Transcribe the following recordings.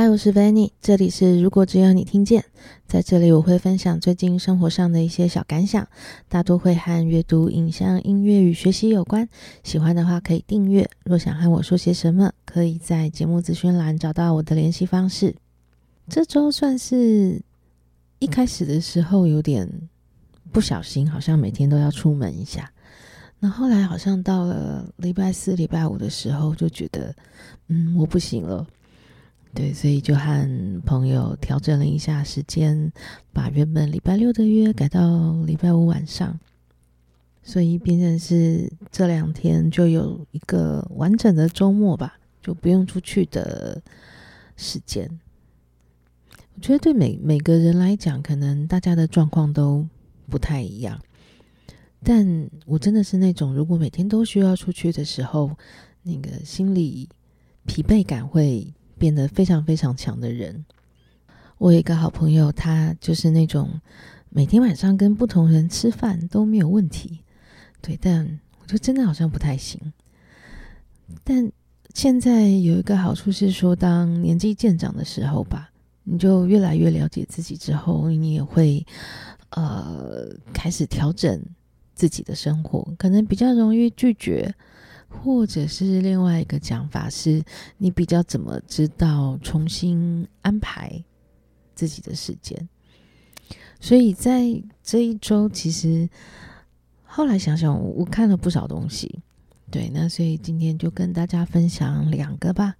嗨，我是 Vanny，這裡是如果只有你聽見。在這裡我會分享最近生活上的一些小感想，大多會和閱讀、影像、音樂與學習有關。喜歡的話可以訂閱。若想和我說些什麼，可以在節目資訊欄找到我的聯繫方式。這周算是一開始的時候有點不小心，好像每天都要出門一下。那後來好像到了禮拜四、禮拜五的時候，就覺得嗯，我不行了。對，所以就和朋友調整了一下時間，把原本禮拜六的約改到禮拜五晚上，所以變成是這兩天就有一個完整的周末吧，就不用出去的時間。我覺得對每每個人來講，可能大家的狀況都不太一樣，但我真的是那種如果每天都需要出去的時候，那個心理疲憊感會。變得非常非常強的人，我有一個好朋友，他就是那種每天晚上跟不同人吃飯都沒有問題。對，但我就真的好像不太行。但現在有一個好處是說，當年紀漸長的時候吧，你就越來越了解自己之後，你也會呃開始調整自己的生活，可能比較容易拒絕。或者是另外一個講法是，你比較怎麼知道重新安排自己的時間？所以在這一周，其實後來想想我，我看了不少東西。對，那所以今天就跟大家分享兩個吧。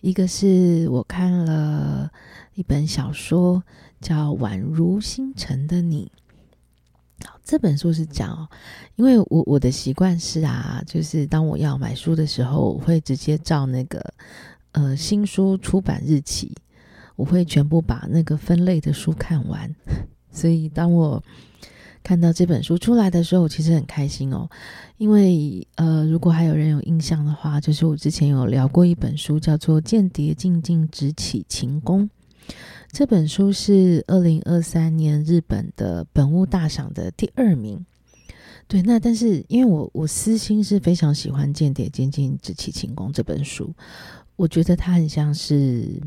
一個是我看了一本小說，叫《宛如星辰的你》。這本書是講，因為我，我的習慣是啊，就是當我要買書的時候，我會直接照那個呃，新書出版日期，我會全部把那個分類的書看完。所以當我看到這本書出來的時候，我其實很開心哦，因為呃，如果還有人有印象的話，就是我之前有聊過一本書，叫做《間諜靜靜執起琴弓這本書是二零二三年日本的本屋大賞的第二名。對，那但是因為我我私心是非常喜歡《間諜監禁之妻晴宮》這本書，我覺得它很像是，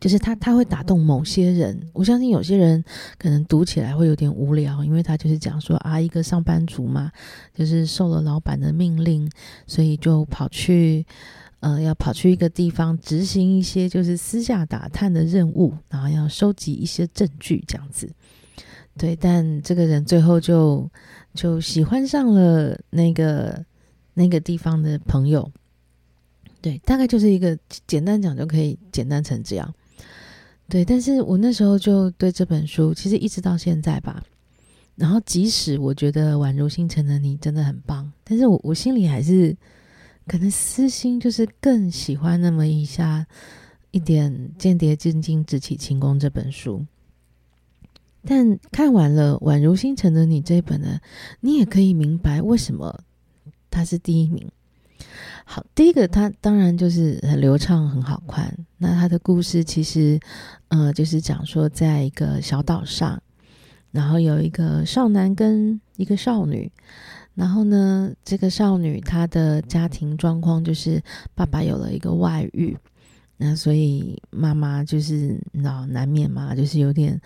就是它它會打動某些人。我相信有些人可能讀起來會有點無聊，因為他就是講說啊，一個上班族嘛，就是受了老闆的命令，所以就跑去。呃，要跑去一個地方執行一些就是私下打探的任務，然後要收集一些證據這樣子。對，但這個人最後就就喜歡上了那個那個地方的朋友。對，大概就是一個簡單講就可以簡單成這樣。對，但是我那時候就對這本書，其實一直到現在吧。然後，即使我覺得宛如星辰的你真的很棒，但是我我心裡還是。可能私心就是更喜歡那麼一下一點《間諜晶晶直起輕功》這本書，但看完了《宛如星辰的你》這一本呢，你也可以明白為什麼他是第一名。好，第一個他當然就是很流暢、很好看。那他的故事其實，呃，就是講說在一個小島上，然後有一個少男跟一個少女。然後呢，這個少女她的家庭狀況就是爸爸有了一個外遇，那所以媽媽就是老難免嘛，就是有點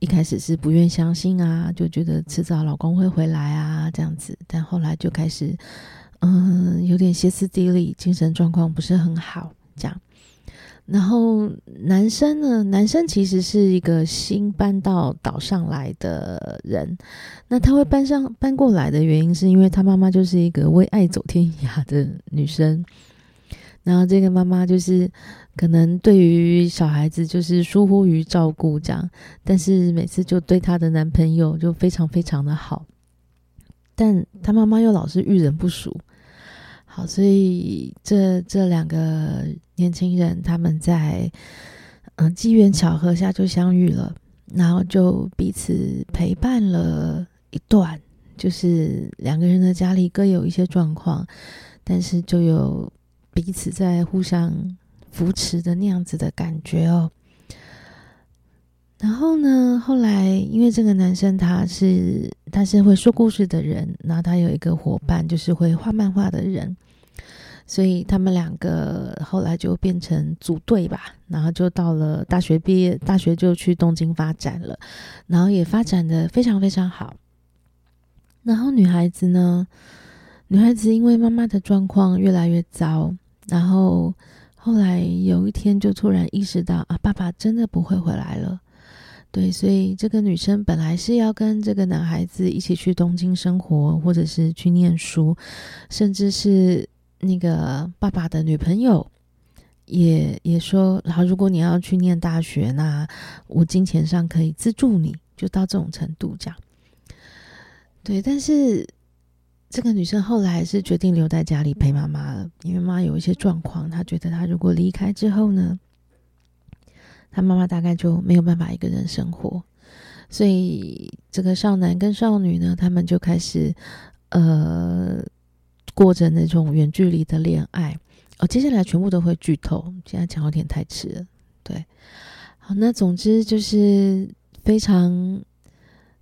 一開始是不願相信啊，就覺得遲早老公會回來啊這樣子，但後來就開始嗯有點歇斯底里，精神狀況不是很好這樣。然後男生呢？男生其實是一個新搬到島上來的人。那他會搬上搬過來的原因，是因為他媽媽就是一個為愛走天涯的女生。然後這個媽媽就是可能對於小孩子就是疏忽於照顧這樣，但是每次就對她的男朋友就非常非常的好。但她媽媽又老是遇人不淑。所以這這兩個年輕人他們在嗯機緣巧合下就相遇了，然後就彼此陪伴了一段，就是兩個人的家裡各有一些狀況，但是就有彼此在互相扶持的那樣子的感覺哦。然後呢，後來因為這個男生他是他是會說故事的人，然後他有一個夥伴就是會畫漫畫的人。所以他們兩個後來就變成組隊吧，然後就到了大學畢業，大學就去東京發展了，然後也發展的非常非常好。然後女孩子呢，女孩子因為媽媽的狀況越來越糟，然後後來有一天就突然意識到啊，爸爸真的不會回來了。對，所以這個女生本來是要跟這個男孩子一起去東京生活，或者是去念書，甚至是。那個爸爸的女朋友也也說：“然後如果你要去念大學，那我金錢上可以資助你。”就到這種程度講，對。但是這個女生後來還是決定留在家裡陪媽媽了，因為媽有一些狀況，她覺得她如果離開之後呢，她媽媽大概就沒有辦法一個人生活。所以這個少男跟少女呢，他們就開始呃。過着那種遠距離的戀愛哦，接下來全部都會劇透。現在講有點太遲了，對。好，那總之就是非常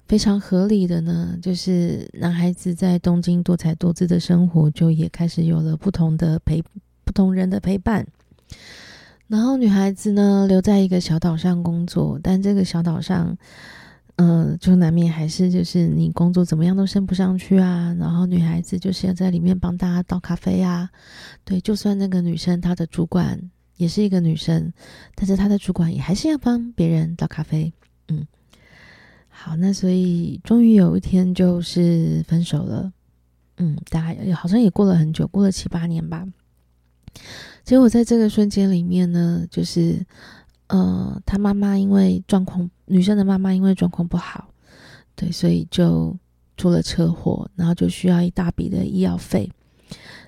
非常合理的呢，就是男孩子在東京多彩多姿的生活就也開始有了不同的陪，不同人的陪伴，然後女孩子呢，留在一個小島上工作，但這個小島上。嗯、呃，就難免還是就是你工作怎麼樣都升不上去啊。然後女孩子就是要在裡面幫大家倒咖啡啊。對，就算那個女生她的主管也是一個女生，但是她的主管也還是要幫別人倒咖啡。嗯，好，那所以終於有一天就是分手了。嗯，大概好像也過了很久，過了七八年吧。結果在這個瞬間裡面呢，就是。呃，他媽媽因為狀況，女生的媽媽因為狀況不好，對，所以就出了車禍，然後就需要一大筆的醫藥費。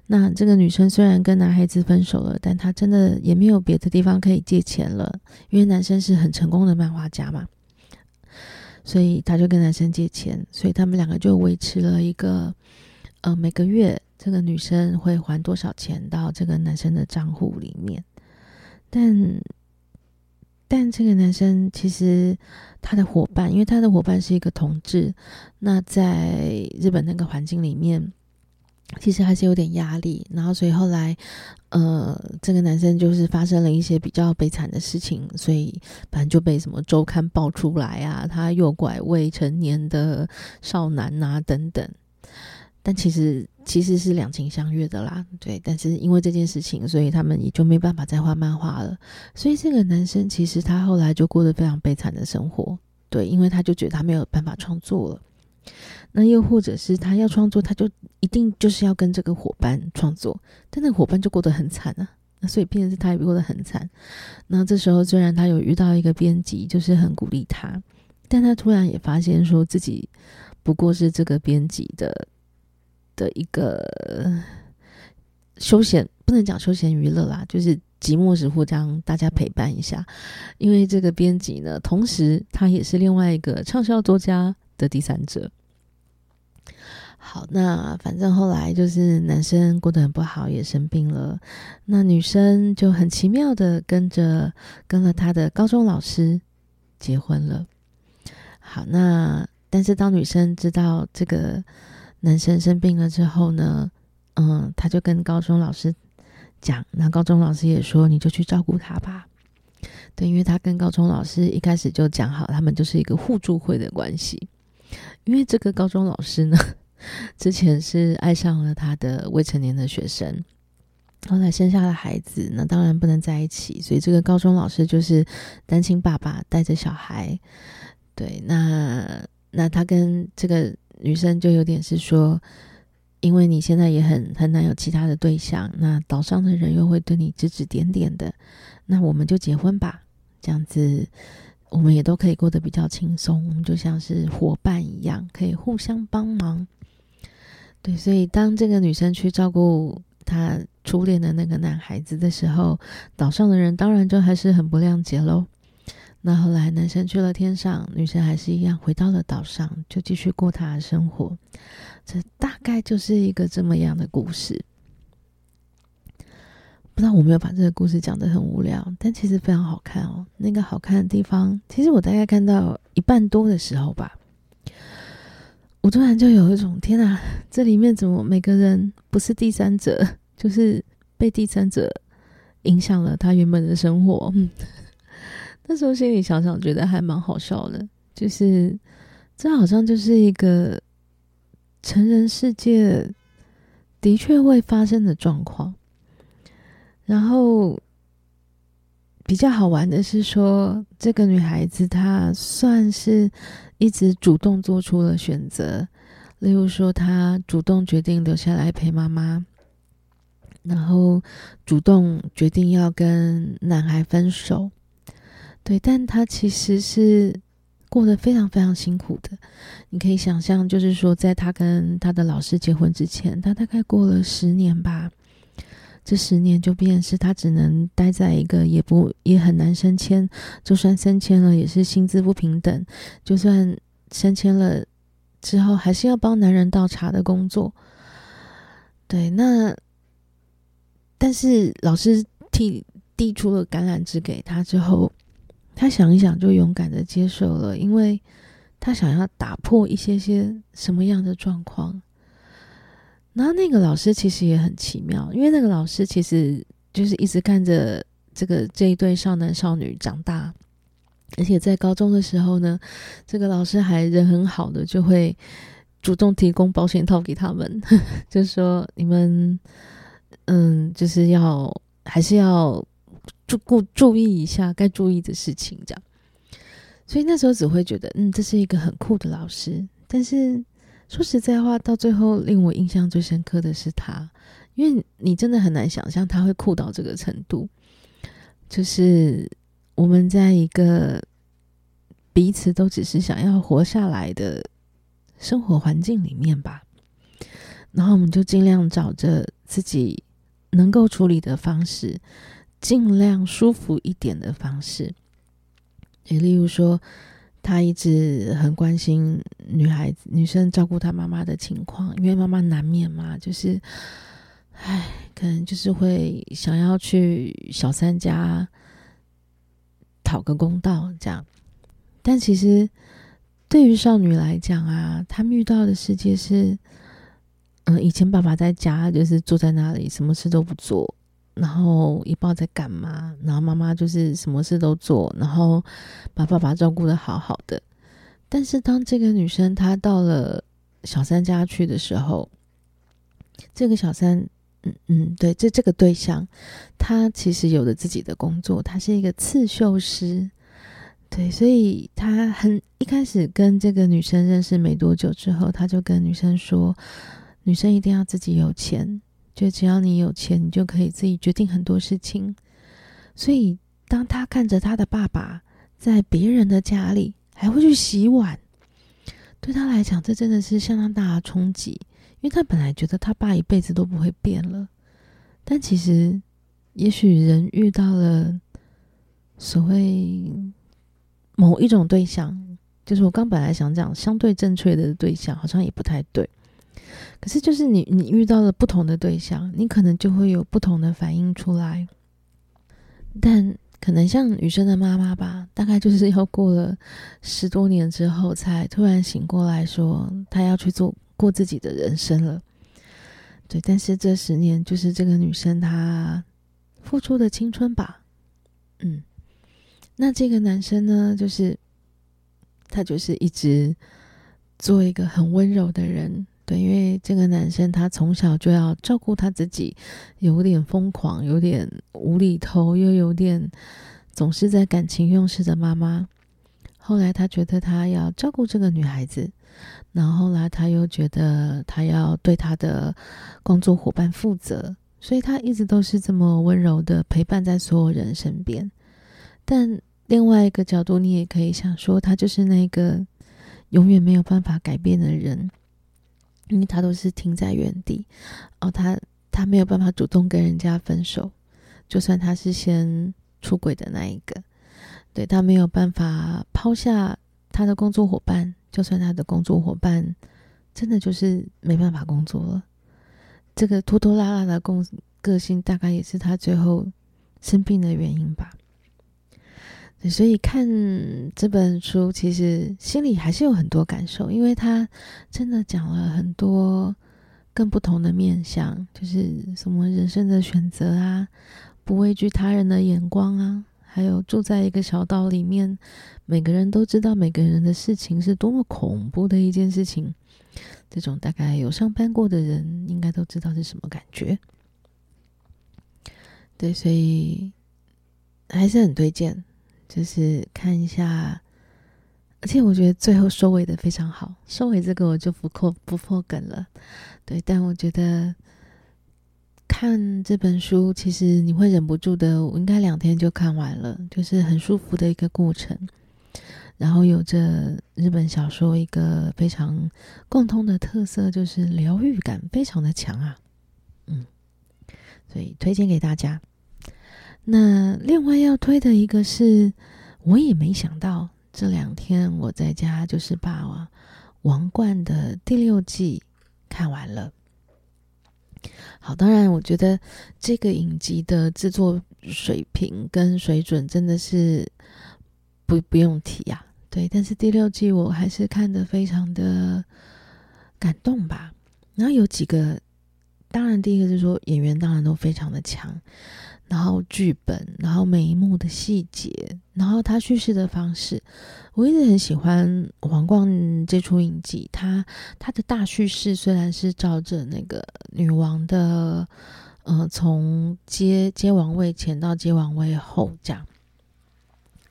那這個女生雖然跟男孩子分手了，但她真的也沒有別的地方可以借錢了，因為男生是很成功的漫畫家嘛，所以她就跟男生借錢，所以他們兩個就維持了一個，呃，每個月這個女生會還多少錢到這個男生的賬戶裡面，但。但這個男生其實他的夥伴，因為他的夥伴是一個同志，那在日本那個環境裡面，其實還是有點壓力。然後，所以後來，呃，這個男生就是發生了一些比較悲慘的事情，所以反正就被什麼周刊爆出來啊，他誘拐未成年的少男啊，等等。但其實其實是兩情相悅的啦，對。但是因為這件事情，所以他們也就沒辦法再畫漫畫了。所以這個男生其實他後來就過得非常悲慘的生活，對，因為他就覺得他沒有辦法創作了。那又或者是他要創作，他就一定就是要跟這個夥伴創作，但那個夥伴就過得很慘啊。那所以，變成是他也過得很慘。那這時候，雖然他有遇到一個編輯，就是很鼓勵他，但他突然也發現說自己不過是這個編輯的。的一個休閒不能講休閒娛樂啦，就是寂寞時互相大家陪伴一下。因為這個編輯呢，同時他也是另外一個暢銷作家的第三者。好，那反正後來就是男生過得很不好，也生病了。那女生就很奇妙的跟着跟了他的高中老師結婚了。好，那但是當女生知道這個。男生生病了之後呢，嗯，他就跟高中老師講，那高中老師也說，你就去照顧他吧。對，因為他跟高中老師一開始就講好，他們就是一個互助會的關係。因為這個高中老師呢，之前是愛上了他的未成年的學生，後來生下了孩子，那當然不能在一起，所以這個高中老師就是單親爸爸，帶着小孩。對，那那他跟這個。女生就有點是說，因為你現在也很很難有其他的對象，那島上的人又會對你指指點點的，那我們就結婚吧，這樣子我們也都可以過得比較輕鬆，我們就像是夥伴一樣，可以互相幫忙。對，所以當這個女生去照顧她初戀的那個男孩子的時候，島上的人當然就還是很不諒解嘍。那後來，男生去了天上，女生還是一樣回到了島上，就繼續過她的生活。這大概就是一個這麼樣的故事。不知道我沒有把這個故事講得很無聊，但其實非常好看哦。那個好看的地方，其實我大概看到一半多的時候吧，我突然就有一種天哪，這裡面怎麼每個人不是第三者，就是被第三者影響了他原本的生活。嗯那時候心裡想想，覺得還蠻好笑的，就是這好像就是一個成人世界的確會發生的狀況。然後比較好玩的是說，說這個女孩子她算是一直主動做出了選擇，例如說她主動決定留下來陪媽媽，然後主動決定要跟男孩分手。對，但他其實是過得非常非常辛苦的。你可以想象，就是說，在他跟他的老師結婚之前，他大概過了十年吧。這十年就變是，他只能待在一個也不也很難升遷，就算升遷了，也是薪資不平等。就算升遷了之後，還是要幫男人倒茶的工作。對，那但是老師遞遞出了橄欖枝給他之後。他想一想就勇敢的接受了，因為他想要打破一些些什麼樣的狀況。然後那個老師其實也很奇妙，因為那個老師其實就是一直看着這個這一對少男少女長大，而且在高中的時候呢，這個老師還人很好的，就會主動提供保險套給他們，呵呵就說你們，嗯，就是要還是要。注顧注意一下該注意的事情，這樣。所以那時候只會覺得，嗯，這是一個很酷的老師。但是說實在話，到最後令我印象最深刻的是他，因為你真的很難想象他會酷到這個程度。就是我們在一個彼此都只是想要活下來的生活環境裡面吧，然後我們就盡量找着自己能夠處理的方式。盡量舒服一點的方式，也例如說，他一直很關心女孩子、女生照顧她媽媽的情況，因為媽媽難免嘛，就是，哎，可能就是會想要去小三家討個公道這樣。但其實對於少女來講啊，她們遇到的世界是，嗯、呃，以前爸爸在家就是坐在那裡，什麼事都不做。然後也不知道在幹嘛，然後媽媽就是什麼事都做，然後把爸爸照顧得好好的。但是當這個女生她到了小三家去的時候，這個小三，嗯嗯，對，這這個對象，他其實有了自己的工作，他是一個刺繡師，對，所以他很一開始跟這個女生認識沒多久之後，他就跟女生說，女生一定要自己有錢。就只要你有錢，你就可以自己決定很多事情。所以，當他看着他的爸爸在別人的家裡還會去洗碗，對他來講，這真的是相當大的衝擊。因為他本來覺得他爸一輩子都不會變了，但其實，也許人遇到了所謂某一種對象，就是我剛本來想講相對正確的對象，好像也不太對。可是，就是你，你遇到了不同的對象，你可能就會有不同的反應出來。但可能像女生的媽媽吧，大概就是要過了十多年之後，才突然醒過來說，她要去做過自己的人生了。對，但是這十年就是這個女生她付出的青春吧。嗯，那這個男生呢，就是他就是一直做一個很溫柔的人。對，因為這個男生他從小就要照顧他自己，有點瘋狂，有點無厘頭，又有點總是在感情用事的媽媽。後來他覺得他要照顧這個女孩子，然後後來他又覺得他要對他的工作夥伴負責，所以他一直都是這麼溫柔的陪伴在所有人身邊。但另外一個角度，你也可以想說，他就是那個永遠沒有辦法改變的人。因為他都是停在原地，哦，他他沒有辦法主動跟人家分手，就算他是先出軌的那一個，對，他沒有辦法拋下他的工作夥伴，就算他的工作夥伴真的就是沒辦法工作了，這個拖拖拉拉的共個性大概也是他最後生病的原因吧。所以看這本書，其實心裡還是有很多感受，因為他真的講了很多更不同的面向，就是什麼人生的選擇啊，不畏懼他人的眼光啊，還有住在一個小島裡面，每個人都知道每個人的事情是多麼恐怖的一件事情。這種大概有上班過的人應該都知道是什麼感覺。對，所以還是很推薦。就是看一下，而且我覺得最後收尾的非常好。收尾這個我就不破不破梗了。對，但我覺得看這本書，其實你會忍不住的，我應該兩天就看完了，就是很舒服的一個過程。然後有着日本小說一個非常共通的特色，就是療癒感非常的強啊，嗯，所以推薦給大家。那另外要推的一個是，我也沒想到這兩天我在家就是把《王冠》的第六季看完了。好，當然我覺得這個影集的製作水平跟水準真的是不不用提呀啊。對，但是第六季我還是看得非常的感動吧。然後有幾個，當然第一個就是說演員當然都非常的強。然後劇本，然後每一幕的細節，然後他敘事的方式，我一直很喜歡《王冠》這出影集。它它的大敘事雖然是照着那個女王的，呃從接接王位前到接王位後講，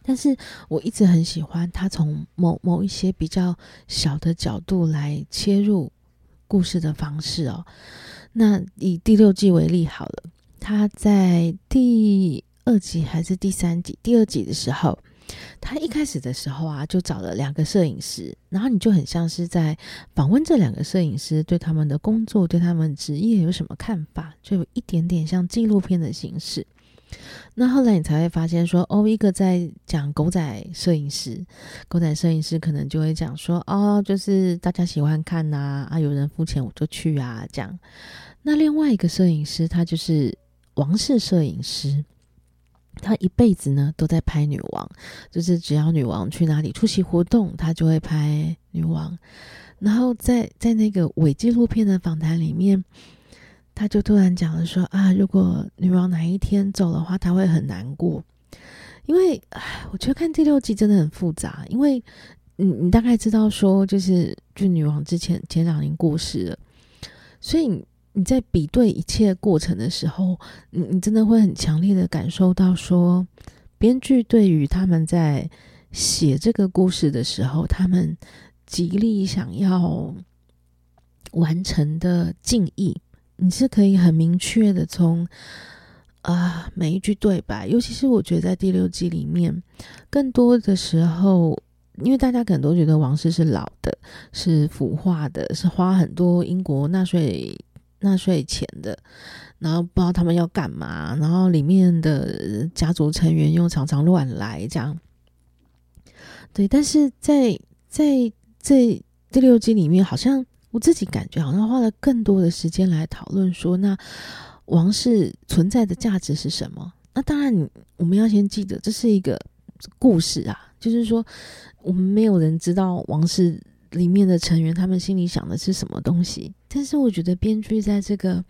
但是我一直很喜歡他從某某一些比較小的角度來切入故事的方式哦。那以第六季為例好了。他在第二集還是第三集？第二集的時候，他一開始的時候啊，就找了兩個攝影師，然後你就很像是在訪問這兩個攝影師，對他們的工作，對他們的職業有什麼看法，就有一點點像紀錄片的形式。那後來你才會發現說，哦，一個在講狗仔攝影師，狗仔攝影師可能就會講說，哦，就是大家喜歡看吶，啊，啊，有人付錢我就去啊，這樣。那另外一個攝影師，他就是。王室攝影師，他一輩子呢都在拍女王，就是只要女王去哪裡出席活動，他就會拍女王。然後在在那個偽紀錄片的訪談裡面，他就突然講了說啊，如果女王哪一天走的話，他會很難過，因為唉，我覺得看第六季真的很複雜，因為你、嗯、你大概知道說，就是就女王之前前兩年過世了，所以。你在比對一切過程的時候，你你真的會很強烈的感受到說，說編劇對於他們在寫這個故事的時候，他們極力想要完成的敬意，你是可以很明確的從啊每一句對白，尤其是我覺得在第六季裡面，更多的時候，因為大家可能都覺得王室是老的，是腐化的，是花很多英國納稅。納稅錢的，然後不知道他們要幹嘛，然後裡面的家族成員又常常亂來，這樣。對，但是在在這第六集裡面，好像我自己感覺好像花了更多的時間來討論說，那王室存在的價值是什麼？那當然，我們要先記得，這是一個故事啊，就是說我們沒有人知道王室。裡面的成員他們心裡想的是什麼東西？但是我覺得編劇在這個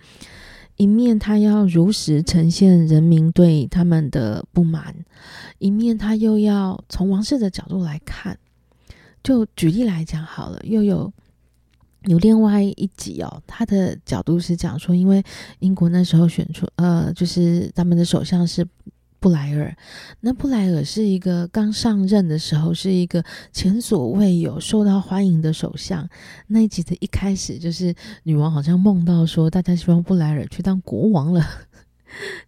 一面，他要如實呈現人民對他們的不滿；一面他又要從王室的角度來看。就舉例來講好了，又有有另外一集哦，他的角度是講說，因為英國那時候選出，呃，就是他們的首相是。布萊爾，那布萊爾是一個剛上任的時候，是一個前所未有受到歡迎的首相。那一集的一開始，就是女王好像夢到說，大家希望布萊爾去當國王了，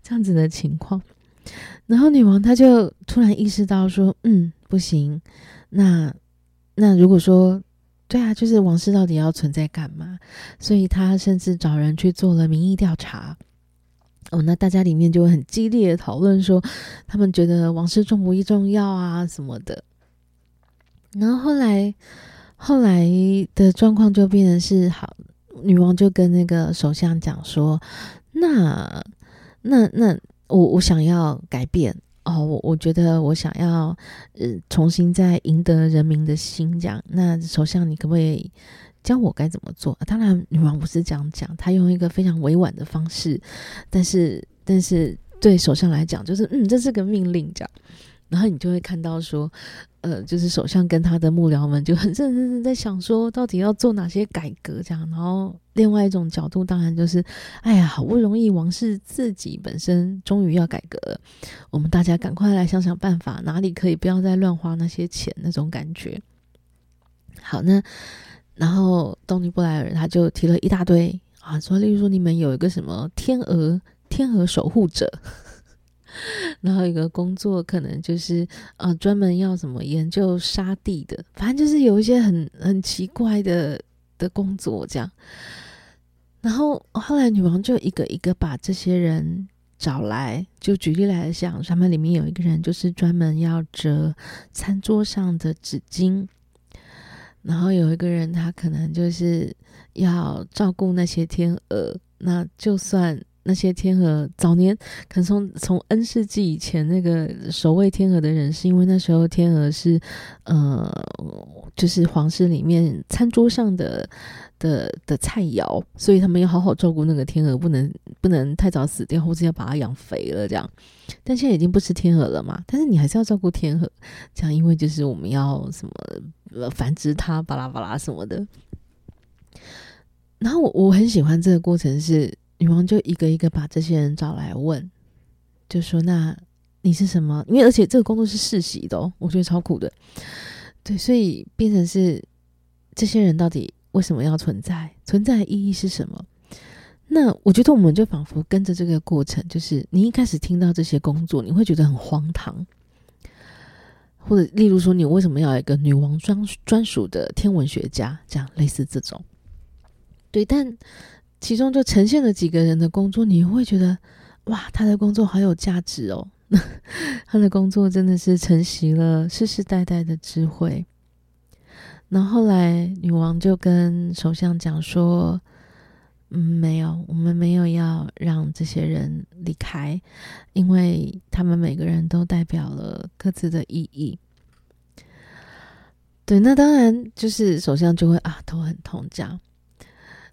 這樣子的情況。然後女王她就突然意識到說，嗯，不行。那那如果說對啊，就是王室到底要存在幹嘛？所以她甚至找人去做了民意調查。哦，那大家裡面就會很激烈的討論，說他們覺得王室重不一重要啊什麼的。然後後來後來的狀況就變成是，好，女王就跟那個首相講說，那那那我我想要改變哦，我我覺得我想要嗯、呃、重新再贏得人民的心，講那首相你可不可以？教我該怎麼做？當然，女王不是這樣講，她用一個非常委婉的方式。但是，但是對首相來講，就是嗯，這是個命令，這樣。然後你就會看到說，呃，就是首相跟他的幕僚們就很認真的在想說，到底要做哪些改革這樣。然後，另外一種角度，當然就是，哎呀，好不容易王室自己本身終於要改革了，我們大家趕快來想想辦法，哪裡可以不要再亂花那些錢那種感覺。好呢，那。然後，東尼布萊爾他就提了一大堆啊，說，例如說，你們有一個什麼天鵝，天鵝守護者， 然後一個工作可能就是啊專門要怎麼研究沙地的，反正就是有一些很很奇怪的的工作這樣。然後後來女王就一個一個把這些人找來，就舉例來講，他們裡面有一個人就是專門要折餐桌上的紙巾。然後有一個人，他可能就是要照顧那些天鵝。那就算那些天鵝早年，可能從從 N 世紀以前，那個守衛天鵝的人，是因為那時候天鵝是，呃，就是皇室裡面餐桌上的的的菜餚，所以他們要好好照顧那個天鵝，不能。不能太早死掉，或者要把它養肥了這樣。但現在已經不吃天鵝了嘛？但是你還是要照顧天鵝，這樣，因為就是我們要什麼繁殖它，巴拉巴拉什麼的。然後我我很喜歡這個過程是，是女王就一個一個把這些人找來問，就說那你是什麼？因為而且這個工作是世襲的哦，我覺得超苦的。對，所以變成是這些人到底為什麼要存在？存在的意義是什麼？那我覺得，我們就仿佛跟着這個過程，就是你一開始聽到這些工作，你會覺得很荒唐，或者例如說，你為什麼要一個女王專專屬的天文學家，這樣類似這種，對？但其中就呈現了幾個人的工作，你會覺得哇，他的工作好有價值哦， 他的工作真的是承襲了世世代代的智慧。那後，後來女王就跟首相講說。嗯，沒有，我們沒有要讓這些人離開，因為他們每個人都代表了各自的意義。對，那當然就是首相就會啊，頭很痛這樣。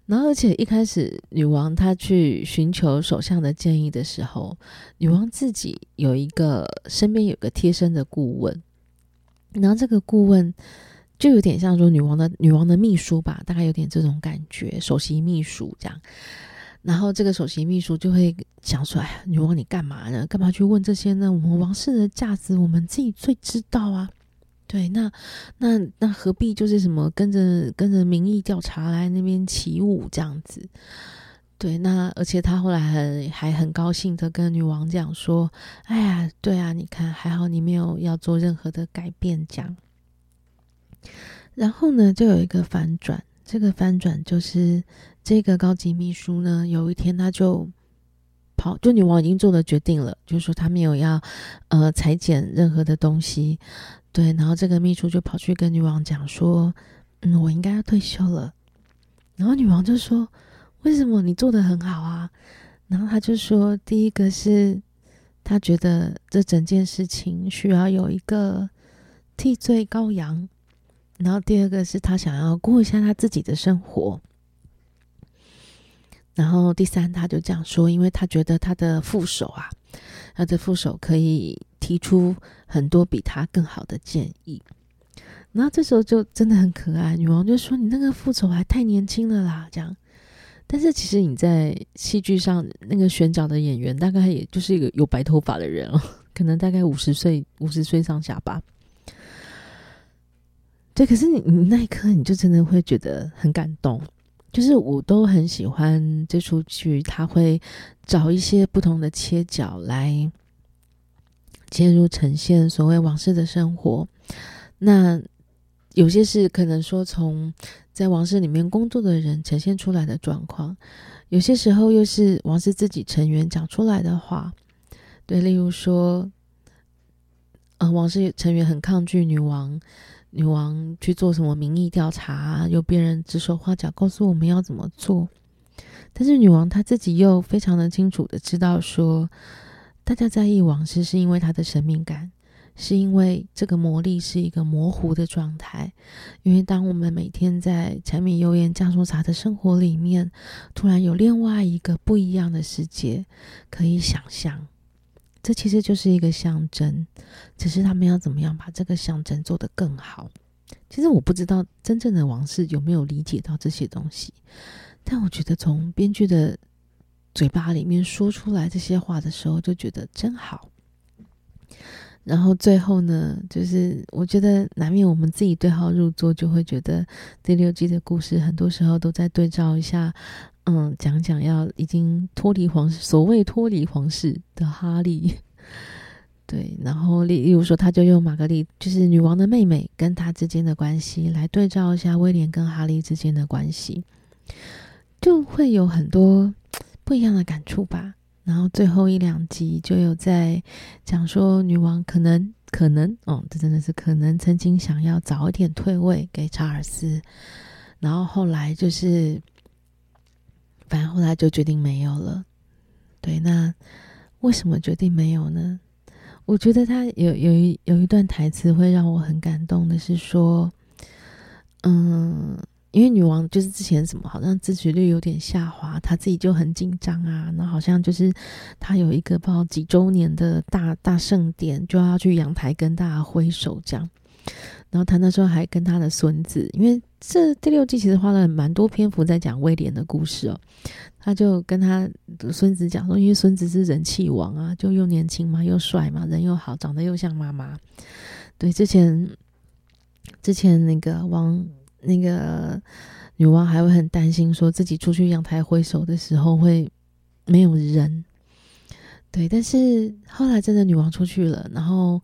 然後，而且一開始女王她去尋求首相的建議的時候，女王自己有一個身邊有個貼身的顧問，然後這個顧問。就有點像說女王的女王的秘書吧，大概有點這種感覺，首席秘書這樣。然後這個首席秘書就會想說：“哎呀，女王你幹嘛呢？幹嘛去問這些呢？我們王室的價值，我們自己最知道啊。對，那那那何必就是什麼跟着跟着民意調查來那邊起舞這樣子？對，那而且他後來很還，還很高興的跟女王講說：哎呀，對啊，你看還好你沒有要做任何的改變這樣。然後呢，就有一個反轉。這個反轉就是，這個高級秘書呢，有一天他就跑，就女王已經做了決定了，就是、說他沒有要呃裁剪任何的東西，對。然後這個秘書就跑去跟女王講說：“嗯，我應該要退休了。”然後女王就說：“為什麼你做得很好啊？”然後他就說：“第一個是，他覺得這整件事情需要有一個替罪羔羊。”然後第二個是他想要過一下他自己的生活，然後第三他就這樣說，因為他覺得他的副手啊，他的副手可以提出很多比他更好的建議。然後這時候就真的很可愛，女王就說：“你那個副手還太年輕了啦。”這樣，但是其實你在戲劇上那個選角的演員，大概也就是一個有白頭髮的人了哦，可能大概五十歲，五十歲上下吧。對，可是你你那一刻你就真的會覺得很感動。就是我都很喜歡這出劇，他會找一些不同的切角來切入呈現所謂王室的生活。那有些是可能說從在王室裡面工作的人呈現出來的狀況，有些時候又是王室自己成員講出來的話。對，例如說，啊、呃，王室成員很抗拒女王。女王去做什麼民意調查？有別人指手畫腳，告訴我們要怎麼做？但是女王她自己又非常的清楚的知道說，說大家在意往事是因為她的神秘感，是因為這個魔力是一個模糊的狀態，因為當我們每天在柴米油鹽醬醋茶的生活裡面，突然有另外一個不一樣的世界可以想象。這其實就是一個象徵，只是他們要怎麼樣把這個象徵做得更好。其實我不知道真正的王室有沒有理解到這些東西，但我覺得從編劇的嘴巴裡面說出來這些話的時候，就覺得真好。然後最後呢，就是我覺得難免我們自己對號入座，就會覺得第六季的故事很多時候都在對照一下。嗯，講講要已經脫離皇，所謂脫離皇室的哈利，對，然後例例如說，他就用瑪格麗，就是女王的妹妹，跟她之間的關係來對照一下威廉跟哈利之間的關係，就會有很多不一樣的感觸吧。然後最後一兩集就有在講說，女王可能可能，哦、嗯，這真的是可能曾經想要早一點退位給查爾斯，然後後來就是。反正後來就決定沒有了，對。那為什麼決定沒有呢？我覺得他有有一有一段台詞會讓我很感動的是說，嗯，因為女王就是之前什麼好像支持率有點下滑，她自己就很緊張啊。那好像就是她有一個不知道幾週年的大大盛典，就要去陽台跟大家揮手這樣。然後他那時候還跟他的孫子，因為這第六季其實花了蠻多篇幅在講威廉的故事哦。他就跟他孫子講說，因為孫子是人氣王啊，就又年輕嘛，又帥嘛，人又好，長得又像媽媽。對，之前之前那個王那個女王還會很擔心，說自己出去陽台揮手的時候會沒有人。對，但是後來真的女王出去了，然後。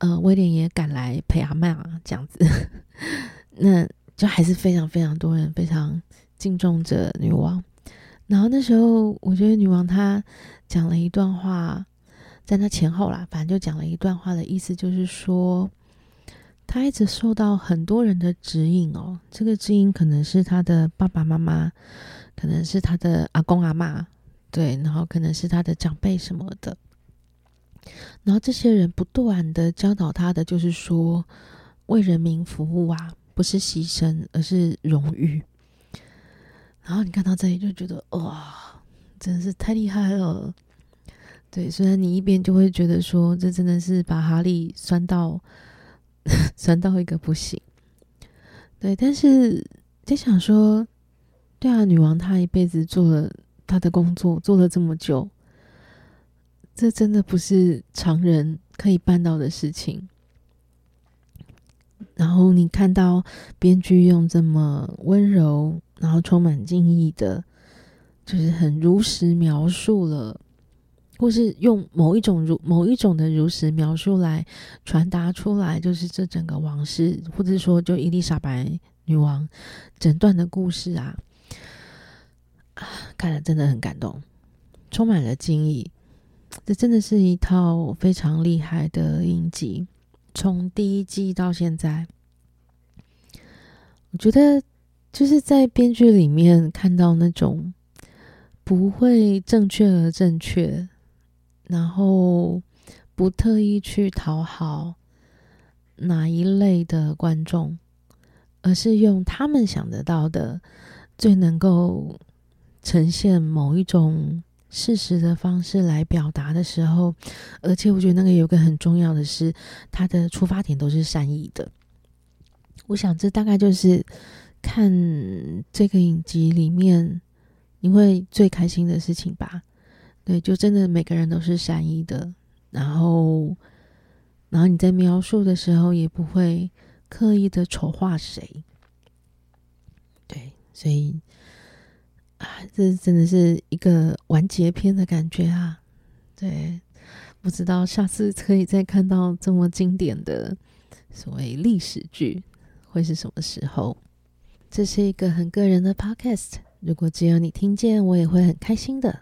呃，威廉也趕來陪阿嬤啊，這樣子， 那就還是非常非常多人非常敬重着女王。然後那時候，我覺得女王她講了一段話，在她前後啦，反正就講了一段話的意思就是說，她一直受到很多人的指引哦、喔。這個指引可能是她的爸爸媽媽，可能是她的阿公阿嬤，對，然後可能是她的長輩什麼的。然後這些人不斷的教導他的，就是說為人民服務啊，不是犧牲，而是榮譽。然後你看到這裡就覺得哇，真是太厲害了。對，雖然你一邊就會覺得說，這真的是把哈利酸到呵呵酸到一個不行。對，但是就想說，對啊，女王她一輩子做了她的工作，做了這麼久。這真的不是常人可以辦到的事情。然後你看到編劇用這麼溫柔，然後充滿敬意的，就是很如實描述了，或是用某一種如某一種的如實描述來傳達出來，就是這整個王室，或者是說就伊麗莎白女王整段的故事啊，啊，看了真的很感動，充滿了敬意。這真的是一套非常厲害的影集，從第一季到現在，我覺得就是在編劇裡面看到那種不會正確而正確，然後不特意去討好哪一類的觀眾，而是用他們想得到的最能夠呈現某一種。事實的方式來表達的時候，而且我覺得那個有個很重要的是，他的出發點都是善意的。我想這大概就是看這個影集裡面你會最開心的事情吧。對，就真的每個人都是善意的，然後，然後你在描述的時候也不會刻意的醜化誰。對，所以。啊，這真的是一個完結篇的感覺啊，對，不知道下次可以再看到這麼經典的所謂歷史劇會是什麼時候？這是一個很個人的 podcast，如果只有你聽見，我也會很開心的。